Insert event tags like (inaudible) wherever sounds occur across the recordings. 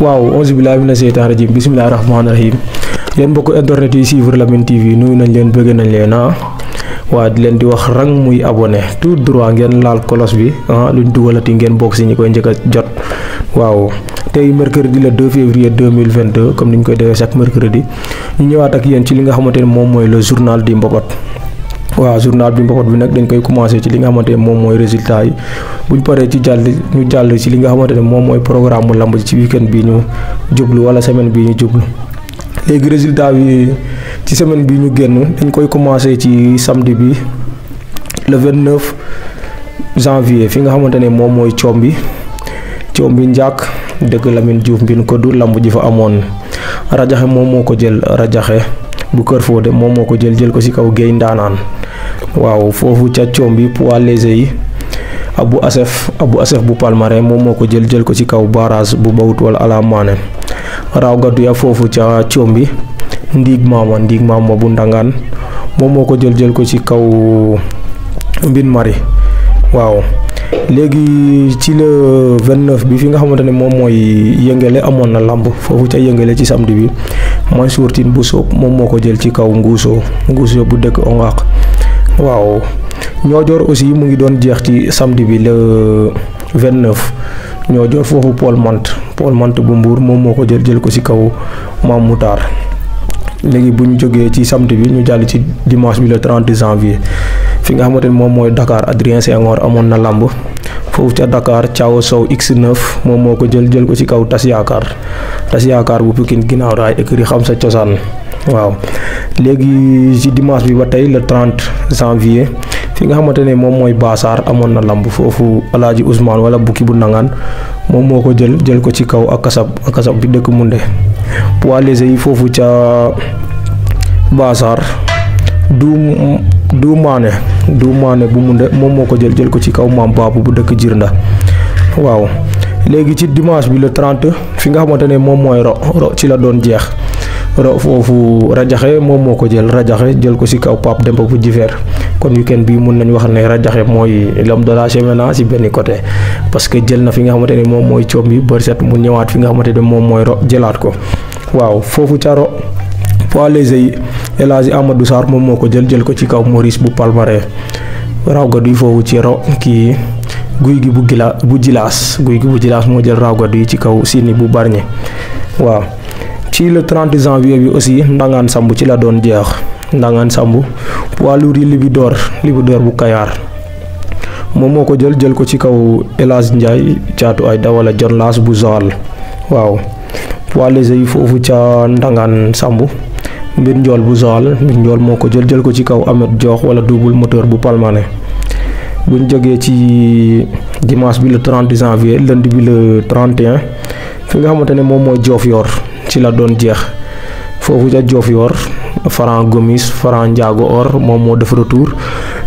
waaw onze billahi na seytaan rajim bisimilahi rahmaani rahim yéen mbokk internet yi suivre Lamyn TV nuyu nañ leen bëgg nañ leen ah waa di leen di wax rang muy abone tout droit ngeen laal kolos bi lu ah, luñ dugalati ngeen bokk si ñi koy njëkk jot waaw tey mercredi le 2 février 2022 comme ni ñu koy defee chaque mercredi ñu ñëwaat ak yéen ci li nga xamante ne moom mooy le journal du Mbapat. waa journal bi mbapat bi nag dañ koy commencé ci li nga xamante ne moom mooy résultat yi buñ paree ci jàll ñu jàll ci li nga xamante ne moom mooy programme mu lamb ci weekend bi ñu jublu wala semaine bi ñu jublu léegi résultat bi ci semaine bi ñu génn dañ koy commencé ci samedi bi le 29 janvier fi nga xamante ne moom mooy coom bi coom bi njàkk dëgg Lamine Diouf mbin ko du lamb ji fa amoon rajaxe moom moo ko jël rajaxe bu Kër Fodé moom moo ko jël jël ko ci kaw géey waaw foofu ca coom bi poids yi abu asef abu asef bu palmarin moom moo ko jël jël ko ci kaw barrage bu bawut wala ala maane raaw gaddu ya foofu ca coom bi ndiig maama ndiig maama bu ndangaan moom moo ko jël jël ko ci kaw mbin mari waaw léegi ci le 29 bi fi nga xamante ne moom mooy yëngale amoon na lamb foofu ca yëngale ci samedi bi Mansour suurtin bu soob moom moo ko jël ci kaw nguso nguusoo bu dëkk ongaq waaw ñoo ñoojoor aussi mu ngi doon jeex ci samedi bi le ñoo ñoojoor foofu Paul mant Paul mant bu mbuur moom moo ko jël jël ko ci kaw Maam Moutar léegi bu ñu jógee ci samedi bi ñu jàll ci dimanche bi le 30 janvier fi nga xamante ni moom mooy Dakar Adrien Senghor amoon na làmb foofu ca Dakar Thiaw Sow X9 moom moo ko jël jël ko ci kaw Tas Yaakaar Tas Yaakaar bu Pikine ginnaaw raay écurie xam sa cosaan waaw léegi ci dimanche bi ba tey le 30 janvier fi nga xamante ne moom mooy Baasaar amoon na lamb foofu alaaji Ousmane wala bukki bu nangaan moom moo ko jël jël ko ci kaw ak kasab ak kasab bi dëkk munde poids yi foofu ca Baasaar du du maane du maane bu munde moom moo ko jël jël ko ci kaw maam baabu bu dëkk jirnda waaw léegi ci dimanche bi le 30 fi nga xamante ne moom mooy ro ro ci la doon jeex fofu rajaxé mom moko jël rajaxé jël ko ci kaw dem ba bu Jifeer kon weekend bi mën nañ wax né rajaxé moy lam de la semaine si benn côté parce que jël na fi nga xamanté mom moy ciom bi bi set mu ñëwaat fi nga xamanté ne mom moy jëlaat ko waaw fofu caro poids léger yi El Amadou sar mom moko jël jël ko ci kaw Maurice bu palmaré raw ga yi fofu ci ro ki guy gi bu gila bu jilas guy gi bu jilas mo jël raw ga yi ci kaw sini bu barñé waaw ci le 30 janvier bi aussi ndangan sambu ci la doon jeex ndangan sambu poids libi dor libi dor bu kayar mom moko jël jël ko ci kaw elas njay caatu ay dawala jon las bu zal waw poids léger yi foofu ca sambu mbir njol bu zal mbir njol moko jël jël ko ci kaw amet jox wala double moteur bu palmané buñ joggé ci dimanche bi le 30 janvier lundi bi le 31 fi nga xamantene mom moom jof yor ci la doon jeex ja jof yor Franc Gomis Farang Ndiago Or mom mo def retour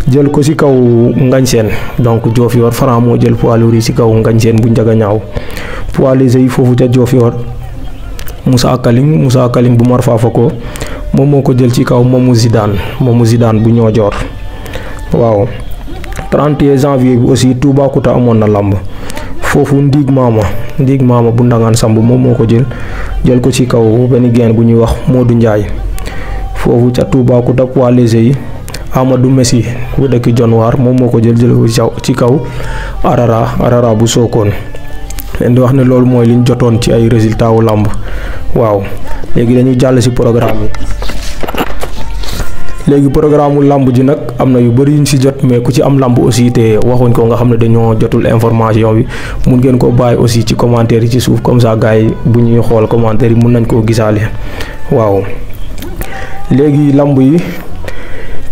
jël ko ci kaw ngañ sen donc yor Farang mo jël poids lourd ci kaw ngañ sen bu ndaga ñaaw poids léger yi ja jof yor Moussa Kaling Moussa Kaling bu mar faafa ko moom moo jël ci kaw momu Zidane momu Zidane bu ñoo joor waaw 31 janvier bi aussi kouta amon na lamb fofu ndig mama ndig mama bu ndangan sambu mom moko jël jël ko ci kaw benn gain bu ñuy wax du njaay foofu ca Toubacouta waa léger yi Amadou Messi bu dëkk Jonwaar moom moo ko jël jël ko ci kaw Arara Arara bu sookoon leen di wax ne loolu mooy liñ jotoon ci ay résultat wu làmb waaw léegi dañuy jàll ci programme yi làmb ji nag am na yu bëri yuñ si jot mais ku ci am lamb aussi te waxuñ ko nga xam ne dañoo jotul information bi mun ngeen koo bàyyi aussi ci commentaire yi ci suuf comme ça gars bu ñuy xool commentaire yi mun nañ koo gisaale waaw léegi lamb yi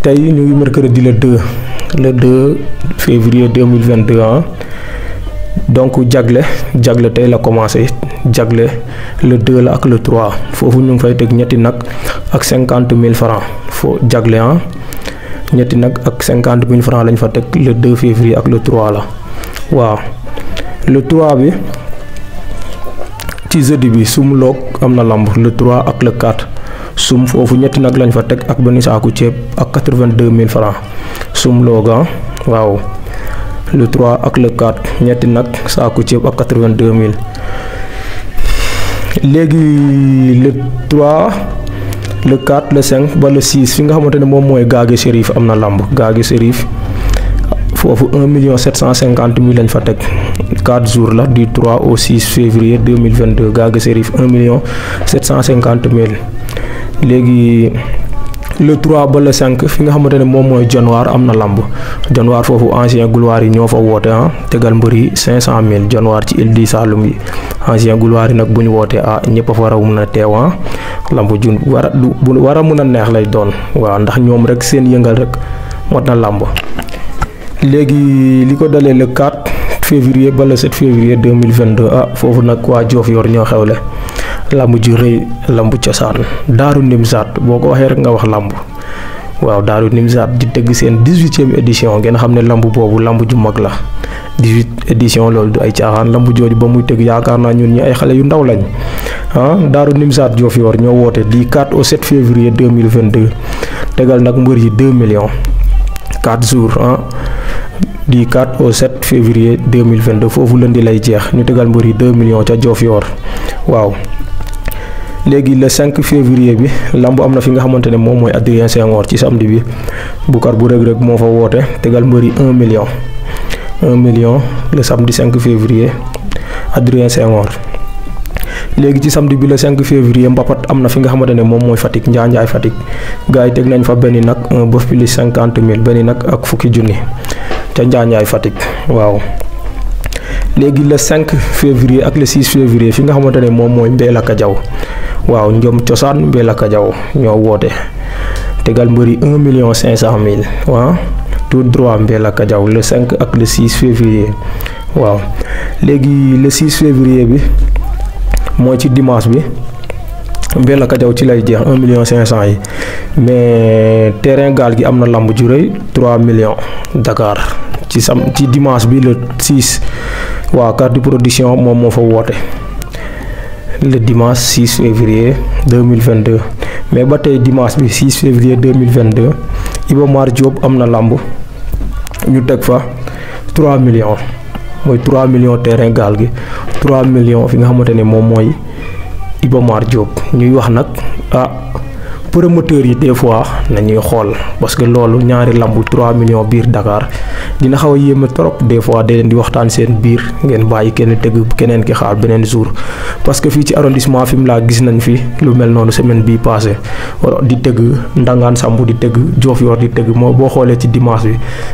tey ñu ngi mercredi le 2 le 2 février 2022 ah donc jagle jagle tey la commencé jagle le 2 la ak le 3 foofu ñu ngi fay teg ñetti nag ak cinquante mille francs foo jagle ah ñetti nag ak cinquante mille francs lañu fa teg le 2 février ak le 3 la waaw le 3 bi ci jeudi bi sum loog am na lamb le 3 ak le 4 sum foofu ñetti nag lañ fa teg ak benn saaku ceeb ak 82 mille francs sum looga ah, waaw le 3 ak le 4 ñetti nag saaku ceeb ak 82 mille léegi le 3 le 4 le cinq ba le 6 fi nga xamante ne moom mooy gaage Chérif am na lamb gaage Chérif foofu un million 750 mille lañ fa teg 4 jours la du 3 au 6 février 2022 gaage Chérif 1 million 750 mille léegi le 3 ba le 5 fi nga xamante ne moom mooy januar am na lamb januar foofu ancien gloire yi ñoo fa woote ah tegal mbër yi cent mille januar ci île du Saloum yi ancien gloire yi nag bu ñu wootee ah ñëpp a fa war a mun a teew ah. lamb ju war a war a mën a neex lay doon waaw ndax ñoom rek seen yëngal rek mot na làmb léegi li ko dalee le 4 février ba le 7 février 2022 ah foofu nag waa Joof yor ñoo xewle lamb ju rëy lamb cosaan daaru nimsaat boo ko waxee rek nga wax làmb waaw Daaru Nimzaat di tëgg seen dix-huitième édition ngeen xam ne lamb boobu lamb ju mag la dix-huit édition loolu du ay caaxaan lamb jooju ba muy tëgg yaakaar naa ñun ñi ay xale yu ndaw lañ ah Daaru Nimzaat Diofior ñoo woote di 4 au 7 février 2022 tegal nag mbër yi 2 millions 4 jours ah di 4 au 7 février 2022 foofu lëndi lay jeex ñu tegal mbër yi 2 millions ca Diofior waaw. léegi le 5 février bi lamb am na fi nga xamante ne moom mooy Adrien Senghor ci samedi bi Boucar bu Reug Reug moo fa woote tegal mbëri 1 million 1 million le samedi 5 février Adrien Senghor léegi ci samedi bi le 5 février Mbapat am na fi nga xamante ne moom mooy Fatick Njaanjaay Fatick gars yi teg nañ fa benn nag un bœuf cinquante mille benn nag ak fukki junni ca Njaanjaay Fatick waaw. léegi le 5 février ak le 6 février fi nga xamante ne moom mooy Mbélaka Diaw waaw njom cosaan Mbelacka Diaw ñoo woote tegal mbëri un million cinq cent mille waa tout droit Mbelacka Diaw le cinq ak le 6 février waaw léegi le 6 février bi mooy ci dimanche bi Mbelacka Diaw ci lay jeex un million cinq cent yi mais terrain gaal gi am na lamb ju rëy million millions Dakar ci sam ci dimanche bi le 6 waaw carte production moom moo fa woote. le dimanche 6 février 2022 mais ba tey dimanche bi 6 février 2022 Iba Mar Diop am na làmb ñu teg fa 3 millions mooy 3 millions terrain gaal gi 3 millions fi nga xamante ne moom mooy Iba Mar ñuy wax nag ah promoteurs yi des fois nañuy xool parce que loolu ñaari lambu 3 millions biir dakaar dina xaw yema torop des fois de len di waxtan sen bir ngeen bayyi kenn tëgg kenen ki xaar benen jour parce que fi ci arrondissement fim la gis nañ fi lu mel non semaine bi passé di tëgg ndangan sambu di tëgg jof yor di tëgg mo bo xoolee ci dimanche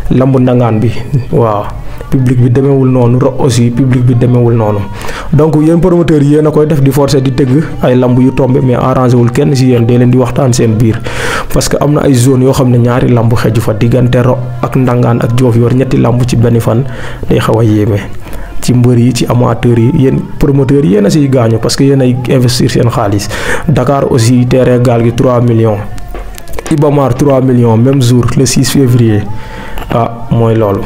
bi lamb ndangan bi waaw public bi demewul noonu ro aussi public bi demewul noonu donc yeen promoteur yeen akoy def di forcer di tëgg ay lamb yu tombe mais arrangé wul kenn ci yeen de len di waxtan sen bir parce que amna ay zone yo xamne ñaari lamb xejju fa digante ro ak ndangan ak jof yor ñetti lamb ci benn fan day xawa yéeme ci mbeur yi ci amateur yi yeen promoteur yi na ci gañu parce que yeen ay investir sen xaliss dakar aussi terrain gal gi 3 millions ibamar 3 millions même jour le 6 février ah moy loolu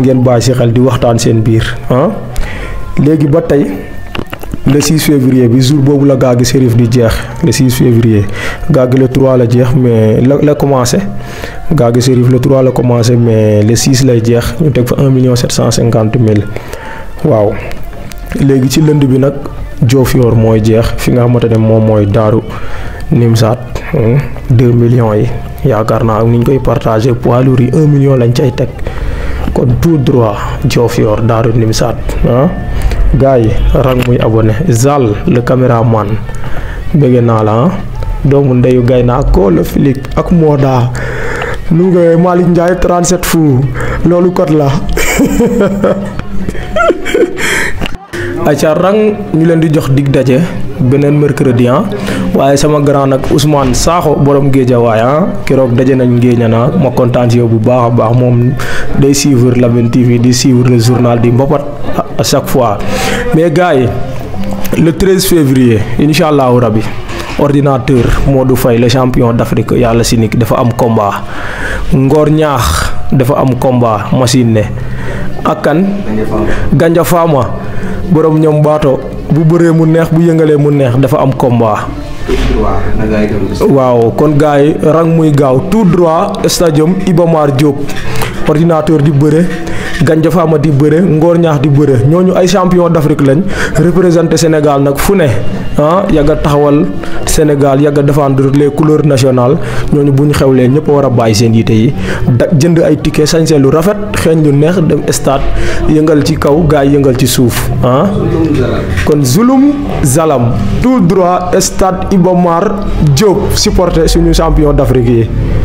ngeen ba ci xel di waxtaan sen bir hein ah. léegi ba tay le 6 février bi jour boobu la gaag gi di jeex le 6 février gaag gi le 3 la jeex mais la la commencé gaag gi Cherif le 3 la commencé mais le 6 lay jeex ñu teg fa 1 cent 750 mille waaw léegi ci lënd bi nag Diofior mooy jeex fi nga xamante ne moom mooy daaru Nimsaat 2 hmm, millions yi yaakaar naa ak ñu koy partagé poids lourd yi 1 million lañ cay teg kon tout droit Diofior daaru Nimsaat ah. gaay rang muy abonné zal le cameraman bëgg na la ah. doomu ndeyu gay na ko le filik ak moda lu nga malik ndjay 37 fou lolou kot la acha (laughs) rang ñu leen di jox dig dajé benen mercredi hein ah. waye sama grand nak Ousmane Saxo borom geja way hein ah. kérok dajé nañ geña na ma contente yow bu baax baax mom day suivre la TV di suivre le journal di mbopat à chaque fois mais gars le 13 février Inch'Allah, allahu rabi ordinateur Modou Faye le champion d'Afrique yàlla sinik dafa am combat Ngor ñaax dafa am combat machine Akan Ganja Fama borom ñoom baato bu bëree mu neex bu mu neex dafa am combat Wow, kon gaay rang muy gaaw tout droit stadium Iba Diop ordinateur di beure Gandia Fama di bëre ngoor Ñaax di bëre ñooñu ay champion d'Afrique lañ représenté Sénégal nag fu ne ah yàgg taxawal Sénégal yàgg a défendre les couleurs nationales ñooñu bu ñu xewlee ñëpp war a bàyyi seen yite yi da jënd ay ticket sañsee lu rafet xeeñ lu neex dem stade yëngal ci kaw gaa yëngal ci suuf ah kon zulum zalam tout droit stade Iba Mar Diop supporter suñu champion d'Afrique yi